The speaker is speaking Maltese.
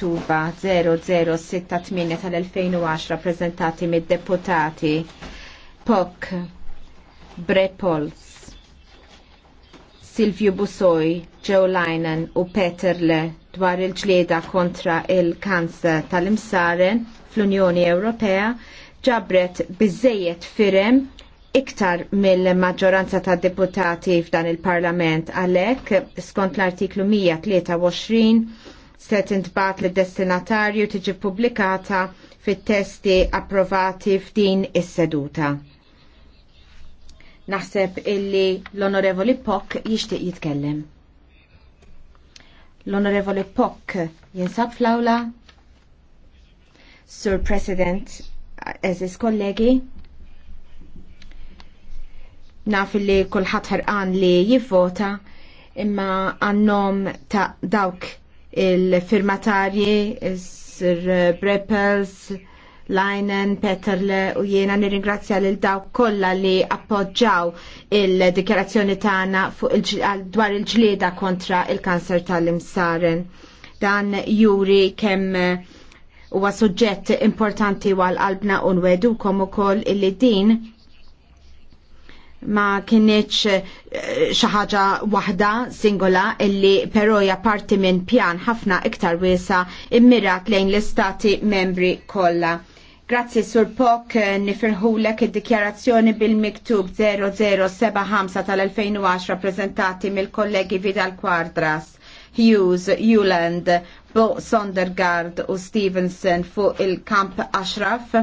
mittuba 0068 tal-2010 prezentati mid-deputati Pok Brepols Silvio Busoj, Joe Linen u Peter Le dwar il-ġlieda kontra il-kanser tal-imsaren fl-Unjoni Ewropea ġabret biżejjed firem iktar mill-maġġoranza ta' deputati f'dan il-Parlament għalhekk skont l-artiklu 123 se tintbat lid destinatarju tiġi publikata fit-testi approvati f'din is-seduta. Naħseb illi l-Onorevoli Pock jixtieq jitkellem. L-Onorevoli Pock jinsab fl-awla? Sur President, eżis kollegi, naf li kullħat ħarqan li jivvota imma għannom ta' dawk il-firmatarji, Sir Brepels, Leinen, Peterle u jiena nirringrazzja lil dawk kollha li appoġġaw il-dikjarazzjoni tagħna il dwar il-ġlieda kontra il-kanser tal-imsaren. Dan juri kemm huwa suġġett importanti għal qalbna u nwedukom ukoll illi din ma kienieċ eh, xi ħaġa waħda singola illi però hija parti minn pjan ħafna iktar wiesa immirat lejn l-istati membri kollha. Grazzi Sur Pok eh, nifirħulek id-dikjarazzjoni bil-miktub 0075 tal-2010 prezentati mill-kollegi Vidal Quadras, Hughes, Uland, Bo Sondergaard u Stevenson fuq il-Kamp Ashraf.